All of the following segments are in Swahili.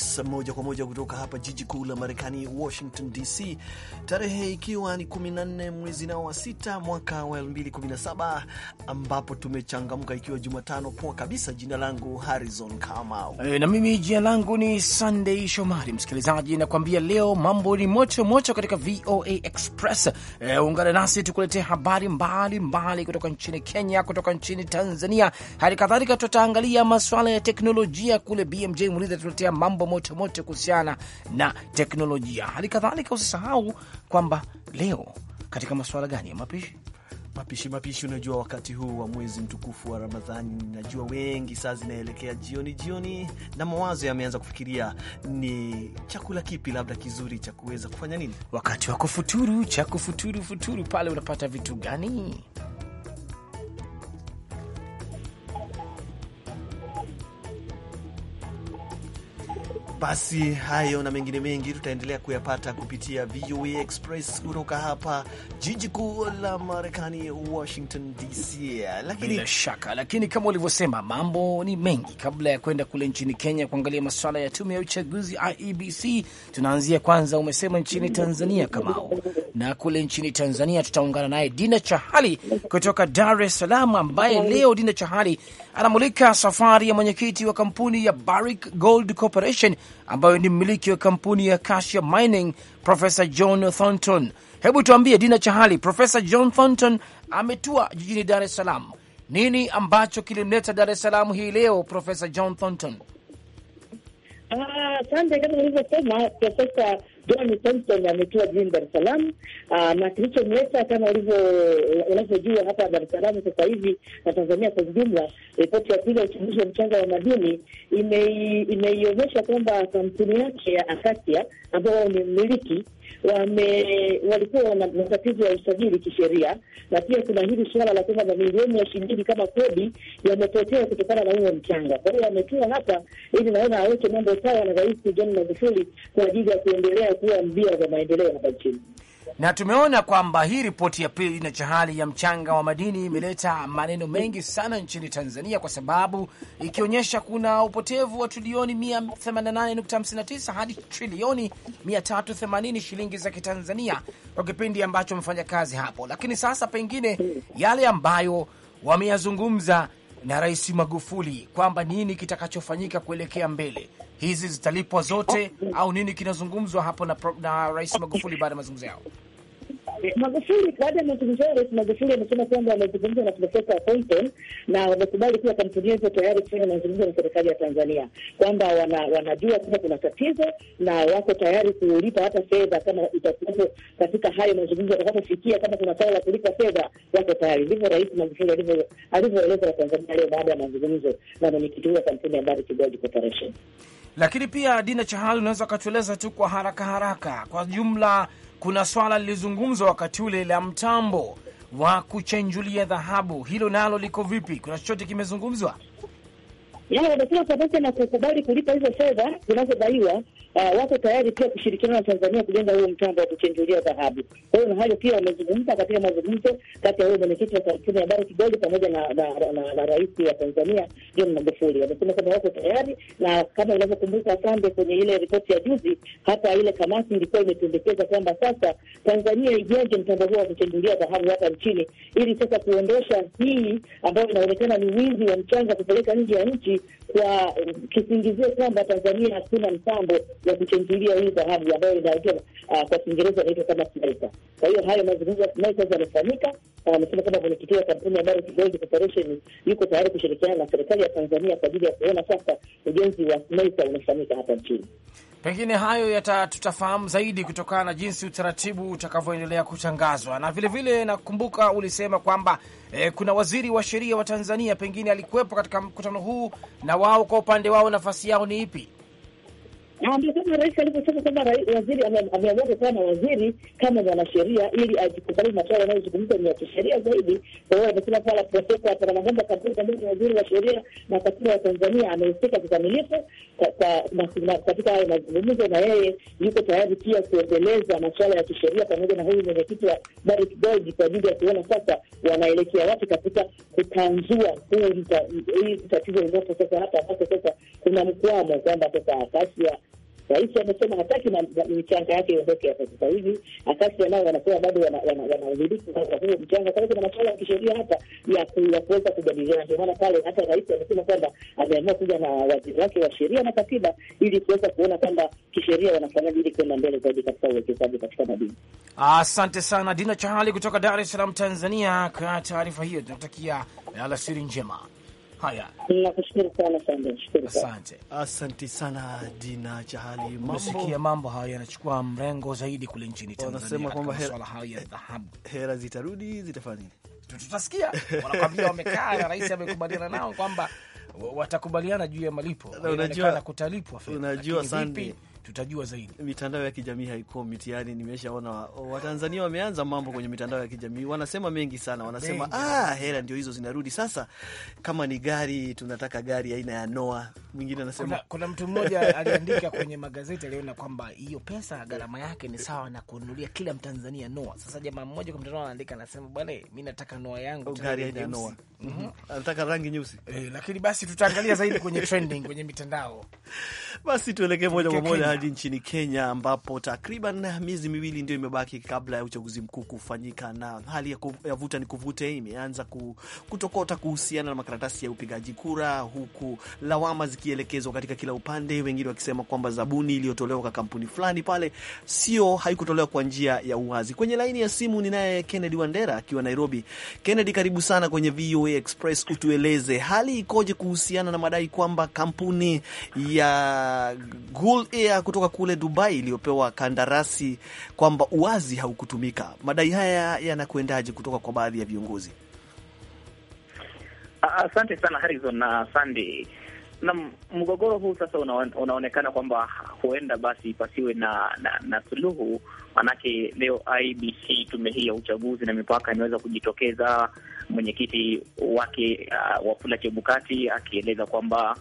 Harris, moja kwa moja kutoka hapa jiji kuu la Marekani, Washington DC, tarehe ikiwa ni 14 mwezi nao wa sita mwaka wa 2017 ambapo tumechangamka, ikiwa Jumatano poa kabisa. Jina langu Harrison Kamau. E, na mimi jina langu ni Sunday Shomari. Msikilizaji, nakwambia leo mambo ni moto moto katika VOA Express. E, ungana nasi tukuletee habari mbalimbali mbali kutoka nchini Kenya, kutoka nchini Tanzania, hali kadhalika tutaangalia masuala ya teknolojia kule. BMJ Muridhi atatuletea mambo moto moto kuhusiana na teknolojia. Hali kadhalika usisahau kwamba leo katika masuala gani ya mapishi mapishi mapishi. Unajua, wakati huu wa mwezi mtukufu wa Ramadhani, najua wengi saa zinaelekea jioni jioni, na mawazo yameanza kufikiria ni chakula kipi labda kizuri cha kuweza kufanya nini wakati wa kufuturu, cha kufuturu futuru pale, unapata vitu gani? Basi hayo na mengine mengi tutaendelea kuyapata kupitia VOA Express kutoka hapa jiji kuu la Marekani, Washington DC. Lakini bila shaka, lakini kama ulivyosema, mambo ni mengi. Kabla ya kwenda kule nchini Kenya kuangalia masuala ya tume ya uchaguzi IEBC, tunaanzia kwanza, umesema nchini Tanzania Kamao, na kule nchini Tanzania tutaungana naye Dina Chahali kutoka Dar es Salaam, ambaye leo Dina Chahali anamulika safari ya mwenyekiti wa kampuni ya Barrick Gold Corporation ambayo ni mmiliki wa kampuni ya Acacia Mining, Profesa John Thornton. Hebu tuambie Dina Chahali, Profesa John Thornton ametua jijini Dar es Salaam. Nini ambacho kilimleta Dar es Salaam hii leo, Profesa John Thornton? Ah, asante. Kama ulivyosema Profesa John Thompson ametoa jijini Dar es Salaam, uh, na kilichomleta kama unavyojua hapa Dar es Salaam sasa hivi na Tanzania kwa ujumla, ripoti ya pili ya uchunguzi wa mchanga wa madini imeionyesha kwamba kampuni yake ya Acacia ambao ni mmiliki wame- walikuwa wana matatizo ya usajili kisheria, na pia kuna hili suala la kwamba mamilioni ya shilingi kama kodi yamepotea kutokana na huo mchanga. Kwa hiyo ametua hapa ili naona aweke mambo sawa na Rais John Magufuli kwa ajili ya kuendelea kuwa mbia za maendeleo hapa nchini. Na tumeona kwamba hii ripoti ya pili na cha hali ya mchanga wa madini imeleta maneno mengi sana nchini Tanzania, kwa sababu ikionyesha kuna upotevu wa trilioni 188.59 hadi trilioni 380 shilingi za Kitanzania kwa kipindi ambacho wamefanya kazi hapo. Lakini sasa pengine yale ambayo wameyazungumza na Rais Magufuli kwamba nini kitakachofanyika kuelekea mbele, hizi zitalipwa zote au nini kinazungumzwa hapo na, na Rais Magufuli baada ya mazungumzo yao? Magufuli baada ya mazungumzo yao, Rais Magufuli amesema kwamba amezungumza na Profesa Poulton na wamekubali kuwa kampuni hizo tayari kufanya mazungumzo na serikali ya Tanzania, kwamba wana, wanajua kwamba kuna tatizo na wako tayari kulipa hata fedha kama itakuwepo katika hayo mazungumzo atakapofikia, kama kuna swala la kulipa fedha, wako tayari. Ndivyo Rais Magufuli alivyoeleza Watanzania leo baada ya mazungumzo na mwenyekiti huyo wa kampuni ya Mbari Corporation. Lakini pia Dina Chahali, unaweza ukatueleza tu kwa haraka haraka, kwa jumla, kuna swala lilizungumzwa wakati ule la mtambo wa kuchenjulia dhahabu, hilo nalo liko vipi? Kuna chochote kimezungumzwa? Yaani, Wamekuwa pamoja na kukubali kulipa hizo fedha zinazodaiwa uh, wako tayari pia kushirikiana na Tanzania kujenga huo mtambo wa kuchenjulia dhahabu. Kwa hiyo na hayo pia wamezungumza katika mazungumzo kati ya huyo mwenyekiti wa kampuni ya Barrick Gold pamoja na, na, na, na, na rais wa Tanzania John Magufuli. Wamesema kwamba wako tayari, na kama unavyokumbuka Sande, kwenye ile ripoti ya juzi, hata ile kamati ilikuwa imependekeza kwamba sasa Tanzania ijenge mtambo huo wa kuchenjulia dhahabu hapa nchini ili sasa kuondosha hii ambayo inaonekana ni wizi wa mchanga kupeleka nje ya nchi kwa um, kisingizio kwamba Tanzania hakuna mpango wa kuchangilia hii dhahabu ambayo inaitwa uh, kwa Kiingereza inaitwa kama SMITA. Kwa hiyo hayo mazungumzo ya SMITA yamefanyika na wamesema kwamba mwenyekiti wa kampuni ya Barrick Gold Corporation yuko tayari kushirikiana na serikali ya Tanzania kwa ajili ya kuona sasa ujenzi wa SMITA unafanyika hapa nchini. Pengine hayo yata tutafahamu zaidi kutokana na jinsi utaratibu utakavyoendelea kutangazwa. Na vilevile vile, nakumbuka ulisema kwamba eh, kuna waziri wa sheria wa Tanzania pengine alikuwepo katika mkutano huu na wao kwa upande wao nafasi yao ni ipi? Amesema rais aliposema kwamba waziri ameamua kukaa na waziri kama mwanasheria ili ajikubali masuala yanayozungumza ni ya kisheria zaidi. Kwa hiyo amesema pala Profesa Palamagamba Kabudi ambaye ni waziri wa sheria na katiba ya Tanzania amehusika kikamilifu katika hayo mazungumzo, na yeye yuko tayari pia kuendeleza masuala ya kisheria pamoja na huyu mwenyekiti wa Barrick Gold kwa ajili ya kuona sasa wanaelekea wapi katika kutanzua huu tatizo lililopo sasa hapa, ambapo sasa kuna mkwamo kwamba sasa kasi ya Rais amesema hataki michanga yake iondoke hapa sasa hivi. Asasi nao wanakuwa bado wanaudhibiti huo mchanga. Kwa hiyo kuna masuala ya kisheria hapa ya kuweza kujadiliana, ndio maana pale hata rais amesema kwamba ameamua kuja na waziri wake wa sheria na katiba ili kuweza kuona kwamba kisheria wanafanyaje ili kwenda mbele zaidi katika uwekezaji katika madini. Asante sana Dina Chahali kutoka Dar es Salaam, Tanzania, kwa taarifa hiyo. Tunatakia alasiri njema. Haya, sana, asante. Asante sana Dina Chahali. Umesikia mambo haya yanachukua mrengo zaidi kule nchini Tanzania, wanasema kwamba hera zitarudi, zitafanya nini? Tutasikia wanakwambia wamekaa na rais amekubaliana nao kwamba watakubaliana juu ya malipo, na kutalipwa. Unajua, sandi tutajua zaidi. Mitandao ya kijamii haiko mitiani. Nimeshaona Watanzania wameanza mambo kwenye mitandao ya kijamii, wanasema mengi sana, wanasema Ah, hela ndio hizo zinarudi sasa. Kama ni gari, tunataka gari aina ya noa. Mwingine anasema kuna, kuna mtu mmoja aliandika kwenye magazeti, aliona kwamba hiyo pesa gharama yake ni sawa na kununulia kila Mtanzania noa. Sasa jamaa mmoja kwa mtandao anaandika, anasema bwana, mimi nataka noa yangu, oh, gari aina ya noa, mhm. mhm. anataka rangi nyeusi eh, lakini basi tutaangalia zaidi kwenye trending kwenye mitandao. Basi tuelekee moja kwa moja hadi nchini Kenya ambapo takriban miezi miwili ndio imebaki kabla ya uchaguzi mkuu kufanyika, na hali ya vuta ni kuvute imeanza kutokota kuhusiana na makaratasi ya upigaji kura, huku lawama zikielekezwa katika kila upande, wengine wakisema kwamba zabuni iliyotolewa kwa kampuni fulani pale sio, haikutolewa kwa njia ya uwazi. Kwenye laini ya simu ninaye Kennedy Wandera akiwa Nairobi. Kennedy, karibu sana kwenye VOA Express, utueleze hali ikoje kuhusiana na madai kwamba kampuni ya Gul Air kutoka kule Dubai iliyopewa kandarasi kwamba uwazi haukutumika. Madai haya yanakuendaji kutoka kwa baadhi ya viongozi? Asante sana Harizon na Sandi. na mgogoro huu sasa unaonekana kwamba huenda basi pasiwe na na, na suluhu. Maanake leo IBC, tume hii ya uchaguzi na mipaka, imeweza kujitokeza, mwenyekiti wake uh, Wafula Chebukati akieleza kwamba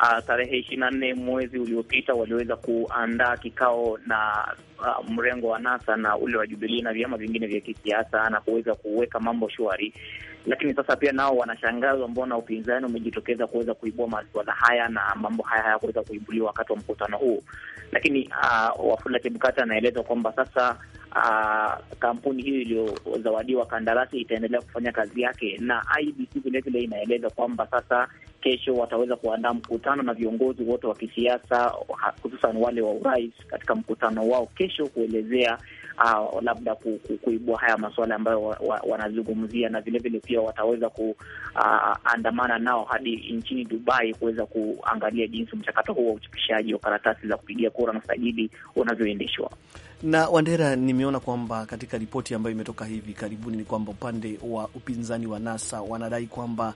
uh, tarehe ishirini na nne mwezi uliopita waliweza kuandaa kikao na uh, mrengo wa NASA na ule wa jubilii na vyama vingine vya kisiasa na kuweza kuweka mambo shwari, lakini sasa pia nao wanashangazwa, mbona upinzani umejitokeza kuweza kuibua masuala haya na mambo haya hayakuweza kuibuliwa wakati wa mkutano huu. Lakini uh, Wafula Chebukati anaeleza kwamba sasa Uh, kampuni hiyo iliyozawadiwa kandarasi itaendelea kufanya kazi yake, na IBC vilevile inaeleza kwamba sasa kesho wataweza kuandaa mkutano na viongozi wote wa kisiasa, hususan wale wa urais, katika mkutano wao kesho kuelezea uh, labda ku, ku, kuibua haya masuala ambayo wa, wa, wanazungumzia na vilevile pia wataweza kuandamana uh, nao hadi nchini Dubai kuweza kuangalia jinsi mchakato huo wa uchapishaji wa karatasi za kupigia kura na sajili unavyoendeshwa. Na Wandera, nimeona kwamba katika ripoti ambayo imetoka hivi karibuni ni kwamba upande wa upinzani wa NASA wanadai kwamba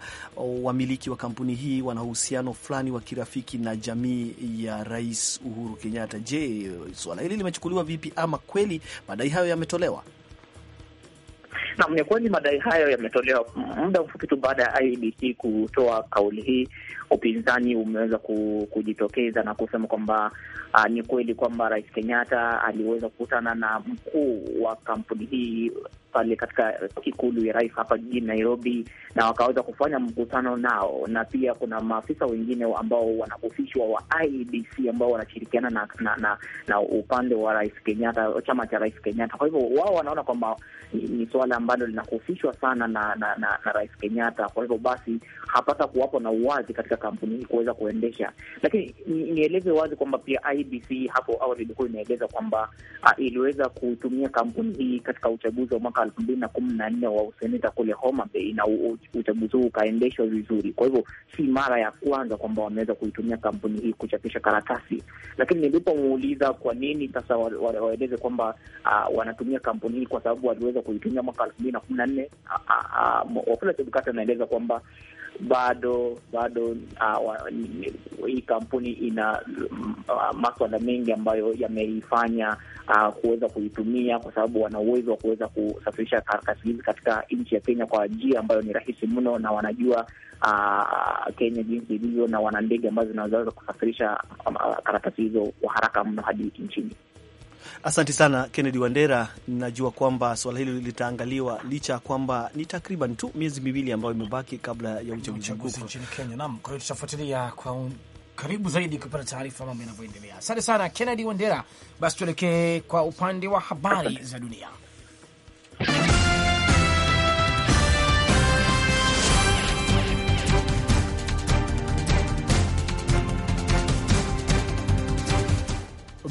wamiliki wa kampuni hii wana uhusiano fulani wa kirafiki na jamii ya Rais Uhuru Kenyatta. Je, suala hili limechukuliwa vipi ama kweli madai hayo yametolewa? nam ni kweli madai hayo yametolewa muda mfupi tu baada ya IEBC kutoa kauli hii. Upinzani umeweza kujitokeza na kusema kwamba uh, ni kweli kwamba Rais Kenyatta aliweza kukutana na mkuu wa kampuni hii pale katika ikulu ya rais hapa jijini Nairobi, na wakaweza kufanya mkutano nao, na pia kuna maafisa wengine ambao wanahusishwa wa IBC e ambao wanashirikiana na, na, na, na upande wa rais Kenyatta, chama cha rais Kenyatta. Kwa hivyo wao wanaona kwamba ni, suala ambalo linahusishwa sana na, na, na, na rais Kenyatta. Kwa hivyo basi hapata kuwapo na uwazi katika kampuni hii kuweza kuendesha, lakini nieleze wazi kwamba pia IBC e hapo awali ilikuwa inaeleza kwamba ah, iliweza kutumia kampuni hii katika uchaguzi wa mwaka mwaka elfu mbili na kumi na nne wa useneta kule Homa Bay na uchaguzi huu ukaendeshwa vizuri. Kwa hivyo si mara ya kwanza kwamba wameweza kuitumia kampuni hii kuchapisha karatasi, lakini nilipomuuliza kwa nini sasa waeleze kwamba ah, wanatumia kampuni hii kwa sababu waliweza kuitumia mwaka elfu mbili na kumi na nne ah, ah, Wafula Chebukati anaeleza kwamba bado bado uh, hii kampuni ina uh, maswala mengi ambayo yameifanya uh, kuweza kuitumia kwa sababu wana uwezo wa kuweza kusafirisha karatasi hizi katika nchi ya Kenya kwa njia ambayo ni rahisi mno, na wanajua uh, Kenya jinsi ilivyo, na wana ndege ambazo zinaweza kusafirisha uh, karatasi hizo kwa haraka mno hadi nchini. Asante sana Kennedy Wandera, najua kwamba suala hili litaangaliwa licha ya kwamba ni takriban tu miezi miwili ambayo imebaki kabla ya uchaguzi mkuu nchini Kenya. Naam, kwa hiyo tutafuatilia kwa karibu zaidi kupata taarifa mambo yanavyoendelea. Asante sana Kennedy Wandera. Basi tuelekee kwa upande wa habari za dunia.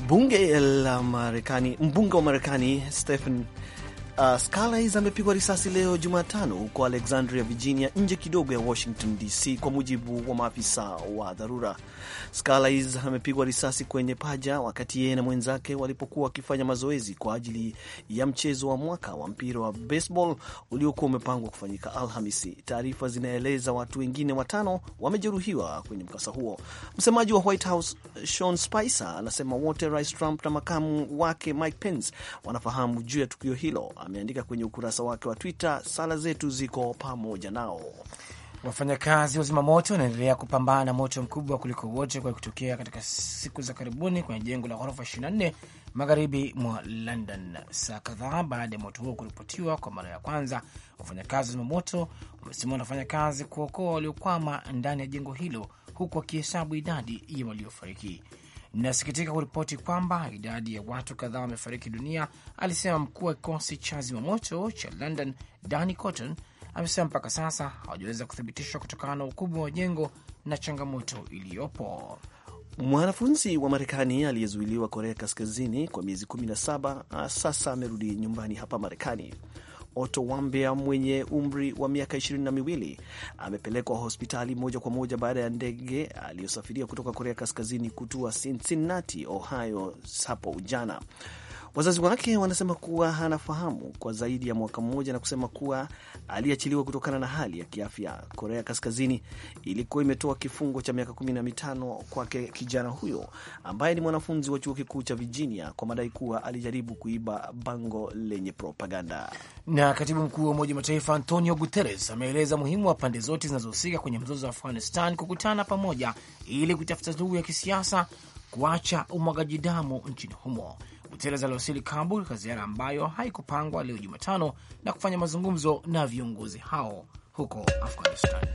Bunge la Marekani, mbunge wa Marekani Stephen Uh, Scarlais amepigwa risasi leo Jumatano huko Alexandria, Virginia, nje kidogo ya Washington DC, kwa mujibu wa maafisa wa dharura. Scarlais amepigwa risasi kwenye paja wakati yeye na mwenzake walipokuwa wakifanya mazoezi kwa ajili ya mchezo wa mwaka wa mpira wa baseball uliokuwa umepangwa kufanyika Alhamisi. Taarifa zinaeleza watu wengine watano wamejeruhiwa kwenye mkasa huo. Msemaji wa White House Sean Spicer anasema wote Rais Trump na makamu wake Mike Pence wanafahamu juu ya tukio hilo ameandika kwenye ukurasa wake wa Twitter, sala zetu ziko pamoja nao. Wafanyakazi wa zimamoto wanaendelea kupambana na moto mkubwa kuliko wote kwa kutokea katika siku za karibuni kwenye jengo la ghorofa 24 magharibi mwa London. Saa kadhaa baada ya moto huo kuripotiwa kwa mara ya kwanza, wafanyakazi wa zimamoto wamesema wanafanya kazi kuokoa waliokwama ndani ya jengo hilo, huku wakihesabu idadi ya waliofariki. Nasikitika kuripoti kwamba idadi ya watu kadhaa wamefariki dunia, alisema mkuu wa kikosi cha zimamoto cha London Danny Cotton. Amesema mpaka sasa hawajaweza kuthibitishwa kutokana na ukubwa wa jengo na changamoto iliyopo. Mwanafunzi wa Marekani aliyezuiliwa Korea Kaskazini kwa miezi 17 ah, sasa amerudi nyumbani hapa Marekani. Otto Wambia mwenye umri wa miaka ishirini na miwili amepelekwa hospitali moja kwa moja baada ya ndege aliyosafiria kutoka Korea Kaskazini kutua Cincinnati, Ohio hapo jana. Wazazi wake wanasema kuwa hanafahamu kwa zaidi ya mwaka mmoja na kusema kuwa aliachiliwa kutokana na hali ya kiafya. Korea Kaskazini ilikuwa imetoa kifungo cha miaka kumi na mitano kwake kijana huyo ambaye ni mwanafunzi wa chuo kikuu cha Virginia kwa madai kuwa alijaribu kuiba bango lenye propaganda. Na katibu mkuu wa Umoja Mataifa Antonio Guterres ameeleza muhimu wa pande zote zinazohusika kwenye mzozo wa Afghanistan kukutana pamoja ili kutafuta suluhu ya kisiasa kuacha umwagaji damu nchini humo. Guterres aliwasili Kabul kwa ziara ambayo haikupangwa leo Jumatano na kufanya mazungumzo na viongozi hao huko Afghanistan.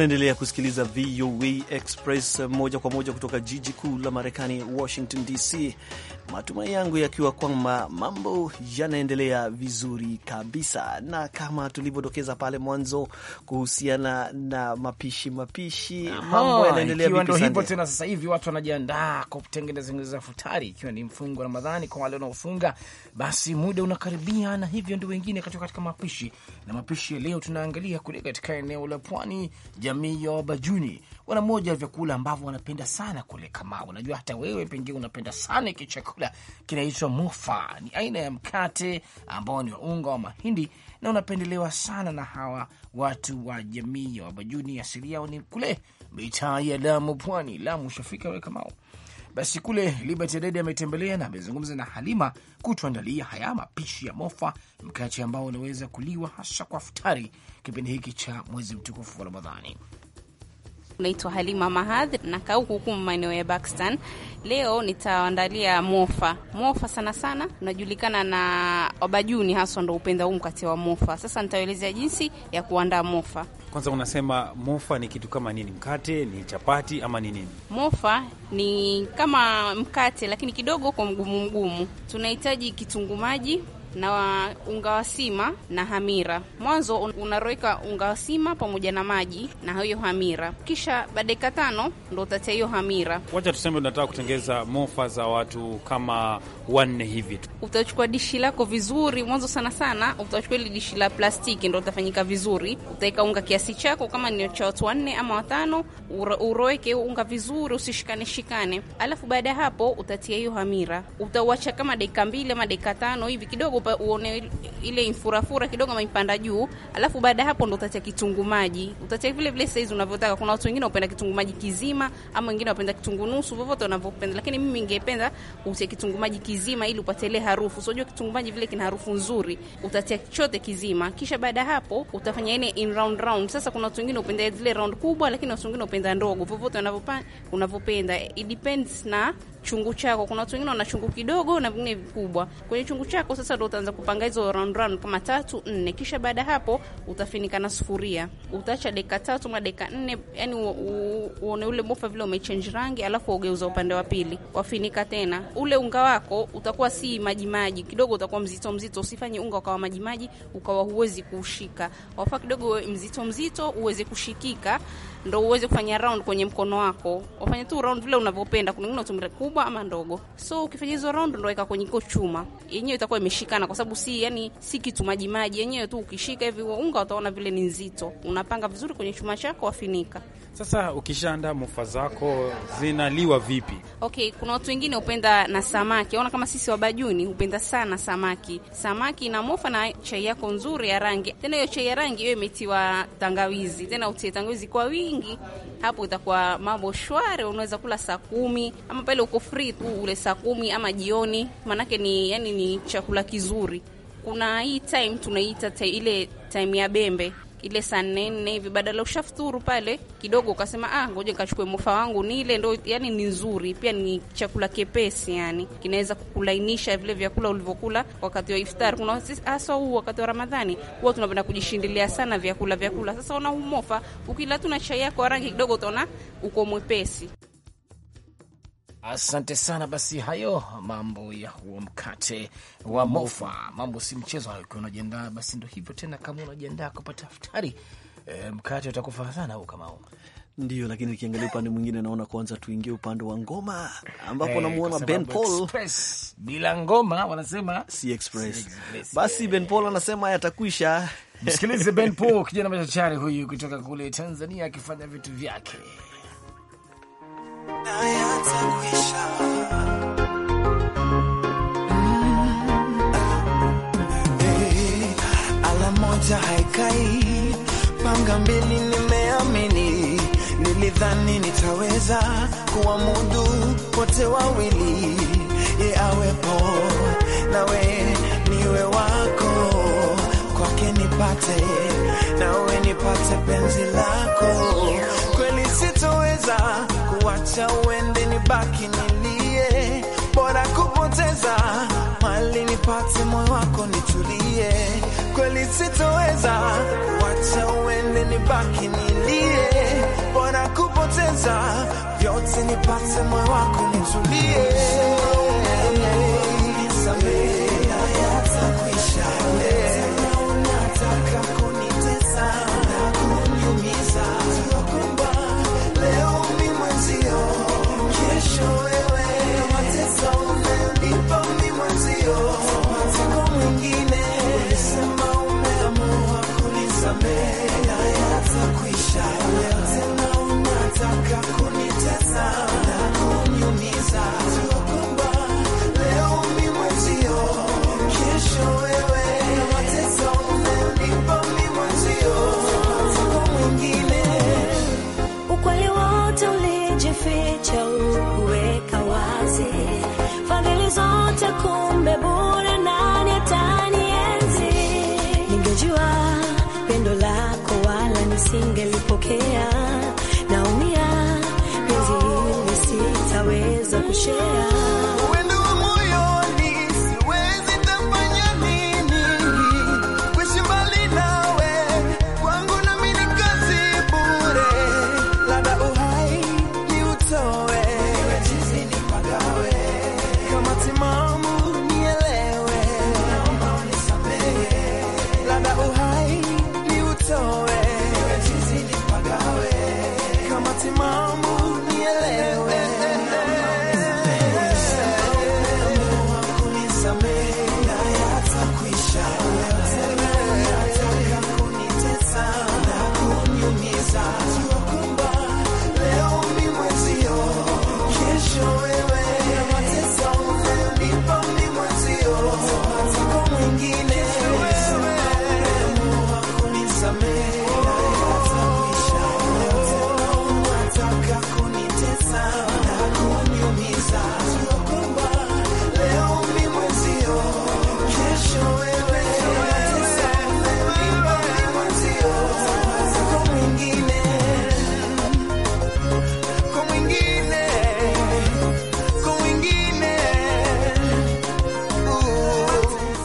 Unaendelea kusikiliza VOA Express moja kwa moja kutoka jiji kuu la Marekani, Washington DC. Matumai yangu yakiwa kwamba mambo yanaendelea vizuri kabisa, na kama tulivyodokeza pale mwanzo kuhusiana na mapishi mapishi, mambo yanaendelea vipi? Ndio hivyo tena, sasa hivi watu wanajiandaa kwa kutengeneza futari, ikiwa ni mfungo Ramadhani. Kwa wale wanaofunga, basi muda unakaribia, na hivyo ndio wengine katika katika mapishi na mapishi. Leo tunaangalia kule katika eneo la pwani jamii ya Wabajuni wana moja ya vyakula ambavyo wanapenda sana kule Kamau. Unajua hata wewe pengine unapenda sana hiki chakula, kinaitwa mofa. Ni aina ya mkate ambao ni wa unga wa mahindi na unapendelewa sana na hawa watu wa jamii ya Wabajuni. Asili yao ni kule mitaa ya Lamu, pwani Lamu. Ushafika wewe Kamau? Basi kule Liberty Dede ametembelea na amezungumza na Halima kutuandalia haya mapishi ya mofa, mkache ambao unaweza kuliwa hasa kwa futari kipindi hiki cha mwezi mtukufu wa Ramadhani. Naitwa Halima Mahadhi, nakaa huku huku maeneo ya Pakistan. Leo nitaandalia mofa. Mofa sana sana unajulikana na wabajuni haswa, ndo upenda huu mkate wa mofa. Sasa nitaelezea jinsi ya kuandaa mofa. Kwanza unasema mofa ni kitu kama nini? Mkate ni chapati ama ni nini? Mofa ni kama mkate, lakini kidogo kwa mgumu mgumu. Tunahitaji kitungu maji na unga wa sima na hamira. Mwanzo unaroweka unga wa sima pamoja na maji na hiyo hamira, kisha dakika tano ndo utatia hiyo hamira. Wacha tuseme tunataka kutengeza mofa za watu kama wanne hivi tu. Utachukua dishi lako vizuri mwanzo, sana sana utachukua ile dishi la plastiki, ndo utafanyika vizuri. Utaweka unga kiasi chako, kama ni cha watu wanne ama watano, uroweke unga vizuri, usishikane shikane. Alafu baada ya hapo utatia hiyo hamira, utauacha kama dakika mbili ama dakika tano hivi kidogo, uone ile infurafura kidogo ama ipanda juu. Alafu baada ya hapo ndo utatia kitunguu maji, utatia vile vile saizi unavyotaka. Kuna watu wengine wapenda kitunguu maji kizima, ama wengine wapenda kitunguu nusu, vyovyote wanavyopenda, lakini mimi ningependa utie kitunguu maji kizima kizima ili upate ile harufu. Unajua so, kitunguu maji vile kina harufu nzuri, utatia chote kizima, kisha baada hapo utafanya ile in round round. Sasa kuna watu wengine upenda zile round kubwa, lakini watu wengine upenda ndogo, vyovyote unavyopenda, it depends na chungu chako. Kuna watu wengine wana chungu kidogo na vingine vikubwa. Kwenye chungu chako sasa ndo utaanza kupanga hizo round round kama tatu nne, kisha baada hapo utafinika na sufuria, utaacha dakika tatu ma dakika nne, yani uone ule mofa vile umechange rangi, alafu ugeuza upande wa pili, wafinika tena. Ule unga wako utakuwa si maji maji kidogo, utakuwa mzito mzito. Usifanye unga ukawa maji maji ukawa huwezi kushika, wafaa kidogo mzito mzito uweze kushikika, ndo uweze kufanya round kwenye mkono wako. Wafanye tu round vile unavyopenda. Kuna wengine kubwa ama ndogo. So ukifanya hizo round ndo weka kwenye iko chuma yenyewe, itakuwa imeshikana kwa sababu si yani si kitu maji maji, yenyewe tu ukishika hivi unga utaona vile ni nzito. Unapanga vizuri kwenye chuma chako, wafinika. Sasa ukishaandaa mufa zako zinaliwa vipi? Okay, kuna watu wengine hupenda na samaki. Ona kama sisi wabajuni hupenda sana samaki, samaki na mufa na chai yako nzuri ya rangi. Tena hiyo chai ya rangi hiyo imetiwa tangawizi, tena utie tangawizi kwa wingi, hapo itakuwa mambo shwari. Unaweza kula saa kumi ama pale uko free tu ule saa kumi ama jioni, maanake ni yani ni chakula kizuri. Kuna hii time tunaita ta, ile time ya bembe ile saa nne nne hivi, badala ushafuturu pale kidogo ukasema ah, ngoja nikachukue mofa wangu nile, ndo yani ni nzuri pia, ni chakula kepesi, yani kinaweza kukulainisha vile vyakula ulivyokula wakati wa iftar. Kuna haswa huu wakati wa Ramadhani huwa tunapenda kujishindilia sana vyakula vyakula. Sasa una huu ukila tu na chai yako rangi kidogo, utaona uko mwepesi. Asante sana. Basi hayo mambo ya huo mkate wa mofa, mambo si mchezo hayo. Ukiwa unajiandaa basi ndo hivyo tena, kama unajiandaa kupata futari e, mkate utakufaa sana huu kama huu ndio, lakini nikiangalia upande mwingine naona kwanza tuingie upande wa ngoma ambapo hey, eh, namuona Ben Paul Bila ngoma wanasema si express. Si express. Basi Ben Paul anasema yatakwisha. Msikilize Ben Paul kijana machachari huyu kutoka kule Tanzania akifanya vitu vyake. Eh, haikai panga mbili, nimeamini, nilidhani nitaweza kuwamudu wote wawili, ye awepo nawe niwe wako kwake, nipate nawe nipate penzi lako, kweli sitoweza wacha uende, nibaki nilie, bora kupoteza mali, nipate moyo wako nitulie, kweli sitoweza. Wacha uende, baki nilie, bora kupoteza vyote, nipate moyo wako nitulie Unataka kunitesa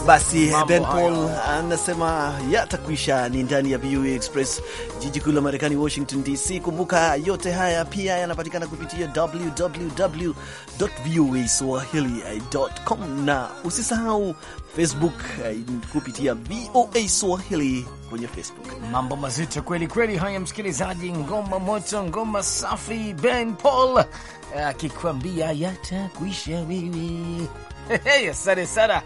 Basi Ben Paul anasema yatakwisha Ni ndani ya VOA Express, jiji kuu la Marekani, Washington DC. Kumbuka yote haya pia yanapatikana kupitia www voa swahili.com, na usisahau Facebook eh, kupitia VOA Swahili kwenye Facebook. Mambo mazito kweli kweli haya, msikilizaji, ngoma moto, ngoma safi. Ben Paul eh, akikwambia yatakuisha wewe. Asante sana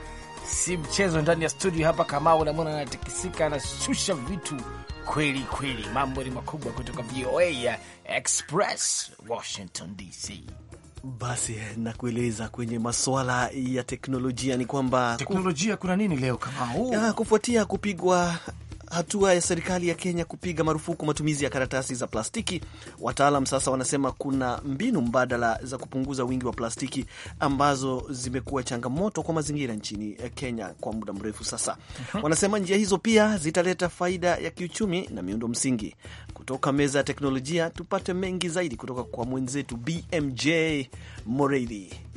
si mchezo. Ndani ya studio hapa, kama unamwona anatikisika, anashusha vitu kweli kweli, mambo ni makubwa. Kutoka VOA Express, Washington DC. Basi eh, nakueleza kwenye masuala ya teknolojia ni kwamba teknolojia, kuna nini leo kama huu? Ah, kufuatia kupigwa hatua ya serikali ya Kenya kupiga marufuku matumizi ya karatasi za plastiki, wataalam sasa wanasema kuna mbinu mbadala za kupunguza wingi wa plastiki ambazo zimekuwa changamoto kwa mazingira nchini eh, Kenya kwa muda mrefu sasa. Mhm. Wanasema njia hizo pia zitaleta faida ya kiuchumi na miundo msingi. Kutoka meza ya teknolojia, tupate mengi zaidi kutoka kwa mwenzetu BMJ Moreidhi.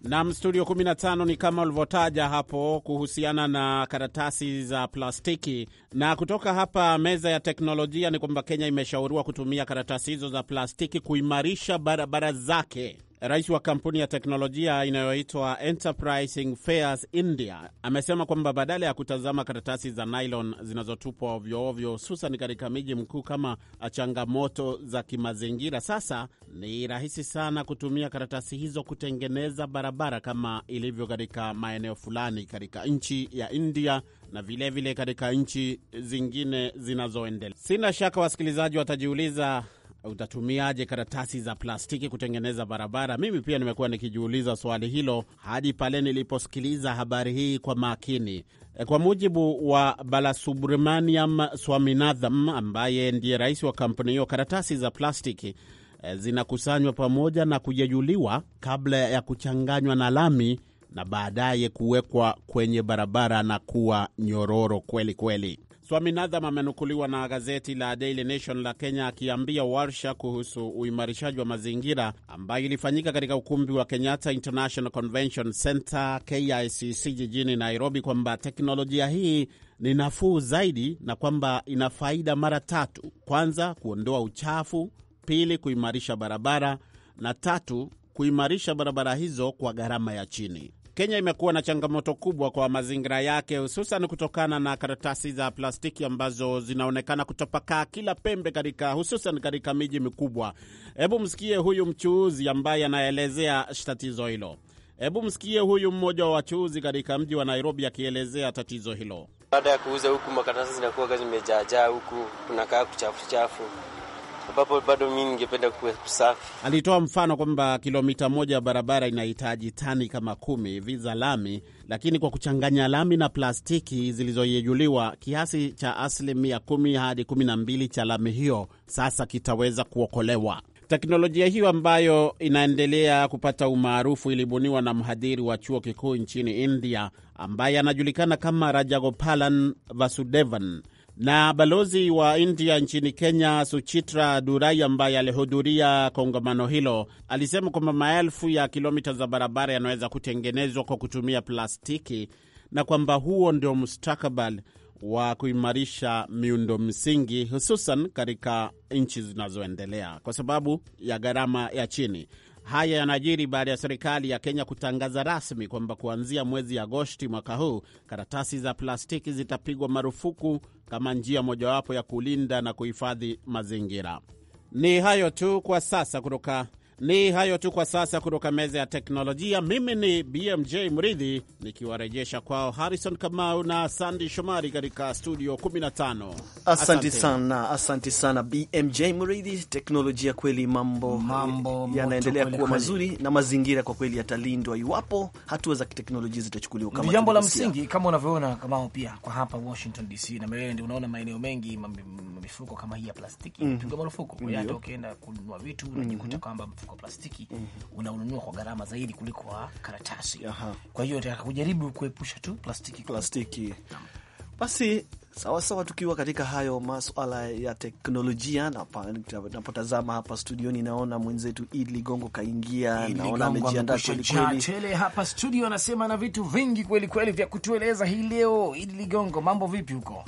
Nam studio 15 ni kama ulivyotaja hapo kuhusiana na karatasi za plastiki. Na kutoka hapa meza ya teknolojia ni kwamba Kenya imeshauriwa kutumia karatasi hizo za plastiki kuimarisha barabara zake. Rais wa kampuni ya teknolojia inayoitwa Enterprising Fairs India amesema kwamba badala ya kutazama karatasi za nylon zinazotupwa ovyoovyo, hususan katika miji mkuu kama changamoto za kimazingira, sasa ni rahisi sana kutumia karatasi hizo kutengeneza barabara kama ilivyo katika maeneo fulani katika nchi ya India na vilevile katika nchi zingine zinazoendelea. Sina shaka wasikilizaji watajiuliza utatumiaje karatasi za plastiki kutengeneza barabara? Mimi pia nimekuwa nikijiuliza swali hilo hadi pale niliposikiliza habari hii kwa makini. E, kwa mujibu wa Balasubramaniam Swaminatham ambaye ndiye rais wa kampuni hiyo, karatasi za plastiki e, zinakusanywa pamoja na kujejuliwa kabla ya kuchanganywa na lami na baadaye kuwekwa kwenye barabara na kuwa nyororo kweli kweli. Swaminathan amenukuliwa na gazeti la Daily Nation la Kenya akiambia warsha kuhusu uimarishaji wa mazingira ambayo ilifanyika katika ukumbi wa Kenyatta International Convention Center KICC jijini Nairobi kwamba teknolojia hii ni nafuu zaidi na kwamba ina faida mara tatu: kwanza, kuondoa uchafu; pili, kuimarisha barabara; na tatu, kuimarisha barabara hizo kwa gharama ya chini. Kenya imekuwa na changamoto kubwa kwa mazingira yake, hususan kutokana na karatasi za plastiki ambazo zinaonekana kutopakaa kila pembe katika, hususan katika miji mikubwa. Hebu msikie huyu mchuuzi ambaye anaelezea tatizo hilo. Hebu msikie huyu mmoja wa wachuuzi katika mji wa Nairobi akielezea tatizo hilo. Baada ya kuuza huku makaratasi zinakuwa zimejaajaa huku kunakaa kuchafuchafu ambapo bado mi ningependa kuwe kusafi. Alitoa mfano kwamba kilomita moja ya barabara inahitaji tani kama kumi hivi za lami, lakini kwa kuchanganya lami na plastiki zilizoyejuliwa, kiasi cha asilimia kumi hadi kumi na mbili cha lami hiyo sasa kitaweza kuokolewa. Teknolojia hiyo ambayo inaendelea kupata umaarufu ilibuniwa na mhadhiri wa chuo kikuu nchini India ambaye anajulikana kama Rajagopalan Vasudevan. Na balozi wa India nchini Kenya, Suchitra Durai, ambaye alihudhuria kongamano hilo, alisema kwamba maelfu ya kilomita za barabara yanaweza kutengenezwa kwa kutumia plastiki na kwamba huo ndio mustakabali wa kuimarisha miundo msingi hususan katika nchi zinazoendelea kwa sababu ya gharama ya chini. Haya yanajiri baada ya serikali ya Kenya kutangaza rasmi kwamba kuanzia mwezi Agosti mwaka huu karatasi za plastiki zitapigwa marufuku kama njia mojawapo ya kulinda na kuhifadhi mazingira. Ni hayo tu kwa sasa kutoka ni hayo tu kwa sasa kutoka meza ya teknolojia. Mimi ni BMJ Mridhi nikiwarejesha kwao Harrison Kamau na Sandi Shomari katika studio 15. Asante sana, asante sana BMJ Mridhi. Teknolojia kweli, mambo, mambo yanaendelea kuwa kweli mazuri na mazingira kwa kweli yatalindwa iwapo hatua za kiteknolojia zitachukuliwa kama jambo la msingi, kama unavyoona Kamau, pia kwa hapa Washington DC na wewe ndio unaona maeneo mengi mifuko kama hii ya plastiki mm -hmm. pigwa marufuku, ukienda kununua vitu unajikuta mhm. kwamba mfuko wa plastiki mm -hmm. unaununua kwa gharama zaidi kuliko wa karatasi. Aha. Kwa hiyo nataka kujaribu kuepusha tu plastiki plastiki. Basi sawa sawa, tukiwa katika hayo maswala ya teknolojia, napotazama hapa studioni naona mwenzetu Idi Ligongo kaingia, naona amejiandaa kwelikweli hapa studio, anasema na vitu vingi kweli kweli vya kutueleza hii leo. Idi Ligongo, mambo vipi huko?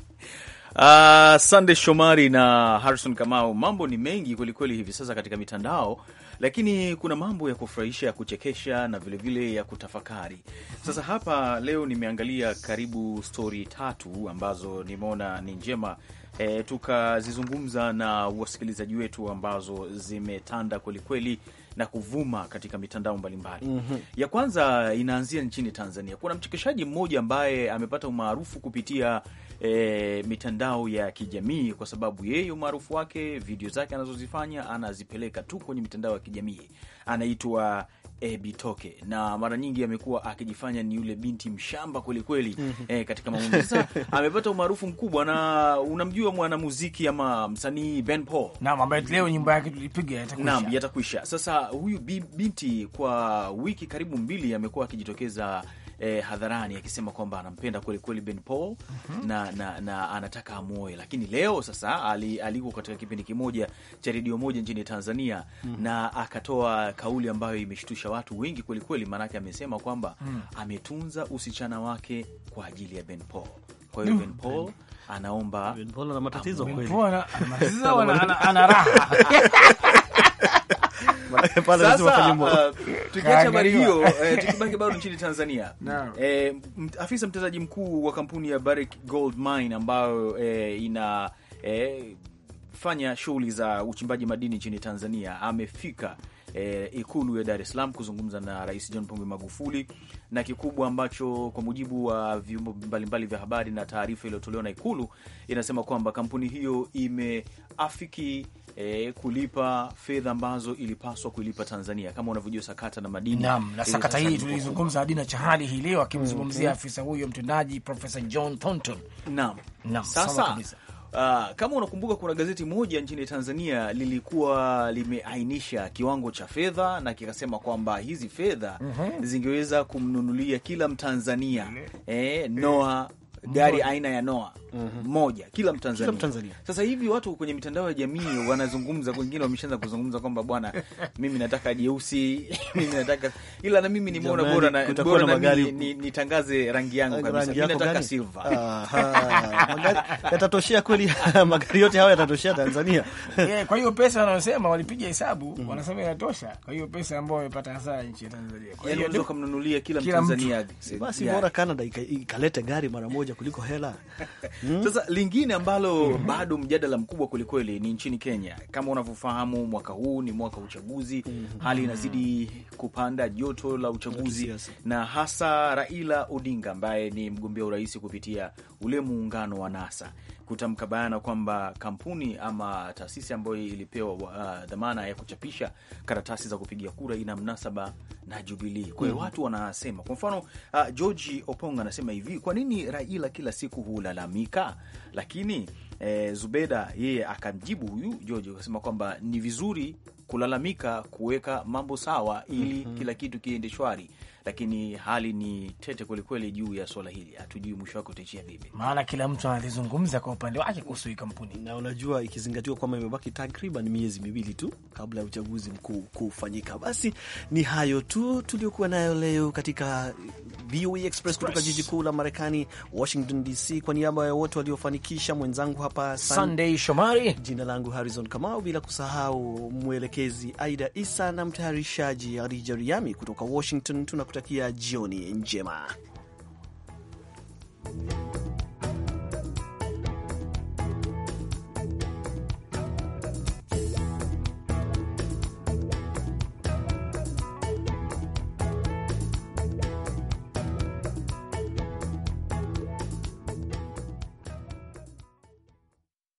Uh, Sande Shomari na Harrison Kamau, mambo ni mengi kwelikweli hivi sasa katika mitandao lakini kuna mambo ya kufurahisha, ya kuchekesha na vilevile vile ya kutafakari. Sasa hapa leo nimeangalia karibu stori tatu ambazo nimeona ni njema e, tukazizungumza na wasikilizaji wetu ambazo zimetanda kwelikweli na kuvuma katika mitandao mbalimbali mbali. Mm -hmm. Ya kwanza inaanzia nchini Tanzania. Kuna mchekeshaji mmoja ambaye amepata umaarufu kupitia e, mitandao ya kijamii, kwa sababu yeye umaarufu wake, video zake anazozifanya anazipeleka tu kwenye mitandao ya kijamii. Anaitwa Ebitoke na mara nyingi amekuwa akijifanya ni yule binti mshamba kwelikweli mhm. e, katika mambo. Sasa amepata umaarufu mkubwa na unamjua mwanamuziki ama msanii Ben Paul naam, ambaye leo yake tulipiga naam yatakwisha. Sasa huyu binti kwa wiki karibu mbili amekuwa akijitokeza eh, hadharani akisema kwamba anampenda kwelikweli Ben Paul mm -hmm. na, na, na anataka amwoe lakini leo sasa ali, katika kipindi kimoja cha redio moja nchini Tanzania mm -hmm. na akatoa kauli ambayo imeshtusha watu wengi kwelikweli, maanake amesema kwamba mm -hmm. ametunza usichana wake kwa ajili ya Ben Paul. Kwa hiyo mm. Ben Paul anaomba, ana matatizo kweli, ana raha Uh, tukiacha habari hiyo eh, tukibaki bado nchini Tanzania no. Eh, afisa mtendaji mkuu wa kampuni ya Barrick Gold Mine ambayo eh, ina eh, fanya shughuli za uchimbaji madini nchini Tanzania amefika E, Ikulu ya Dar es Salaam kuzungumza na Rais John Pombe Magufuli, na kikubwa ambacho kwa mujibu wa vyombo mbalimbali vya habari na taarifa iliyotolewa na Ikulu inasema kwamba kampuni hiyo imeafiki e, kulipa fedha ambazo ilipaswa kulipa Tanzania kama unavyojua sakata na madini. nam na sakata hii tulizungumza adina Chahali hii leo akimzungumzia mm -hmm. afisa huyo mtendaji Profesa John Thornton. nam nam Sasa Uh, kama unakumbuka kuna gazeti moja nchini Tanzania lilikuwa limeainisha kiwango cha fedha na kikasema kwamba hizi fedha mm -hmm. zingeweza kumnunulia kila Mtanzania mm -hmm. eh, noa gari aina ya noa Noah mhm. moja kila Mtanzania. Mtanzania sasa hivi watu kwenye mitandao ya jamii wanazungumza, wengine wameshaanza kuzungumza kwamba bwana, mimi nataka jeusi, mimi nataka ila, na mimi nimeona bora na bora na magari nitangaze rangi yangu kabisa, mimi nataka silver. yatatoshea kweli? magari yote hayo yatatoshea Tanzania? Yeah, kwa hiyo pesa wanaosema walipiga hesabu mm, wanasema inatosha. Kwa hiyo pesa ambayo wamepata hasara nchi ya Tanzania, kwa yaani hiyo ndio kumnunulia kila Mtanzania basi, bora Canada ikaleta gari mara moja moja kuliko hela hmm? Sasa lingine ambalo bado mjadala mkubwa kwelikweli ni nchini Kenya. Kama unavyofahamu, mwaka huu ni mwaka wa uchaguzi, mhm. hali inazidi kupanda joto la uchaguzi, na hasa Raila Odinga ambaye ni mgombea urais kupitia ule muungano wa NASA kutamka bayana kwamba kampuni ama taasisi ambayo ilipewa uh, dhamana ya kuchapisha karatasi za kupigia kura ina mnasaba na Jubilii. Kwa hiyo mm -hmm. watu wanasema kwa mfano uh, George Opong anasema hivi, kwa nini Raila kila siku hulalamika? Lakini eh, Zubeda yeye akamjibu huyu George akasema kwamba ni vizuri kulalamika kuweka mambo sawa ili mm -hmm. kila kitu kiende shwari lakini hali ni tete kwelikweli juu ya swala hili, hatujui mwisho wake utaishia vipi, maana kila mtu analizungumza kwa upande wake kuhusu hii kampuni, na unajua, ikizingatiwa kwamba imebaki takriban miezi miwili tu kabla ya uchaguzi mkuu kufanyika. Basi ni hayo tu tuliokuwa nayo leo katika VOA e Express kutoka jiji kuu la Marekani, Washington DC. Kwa niaba ya wote waliofanikisha, mwenzangu hapa Sunday Shomari, jina langu Harrison Kamau, bila kusahau mwelekezi Aida Isa na mtayarishaji Arija Riami kutoka Washington tuna kutakia jioni njema.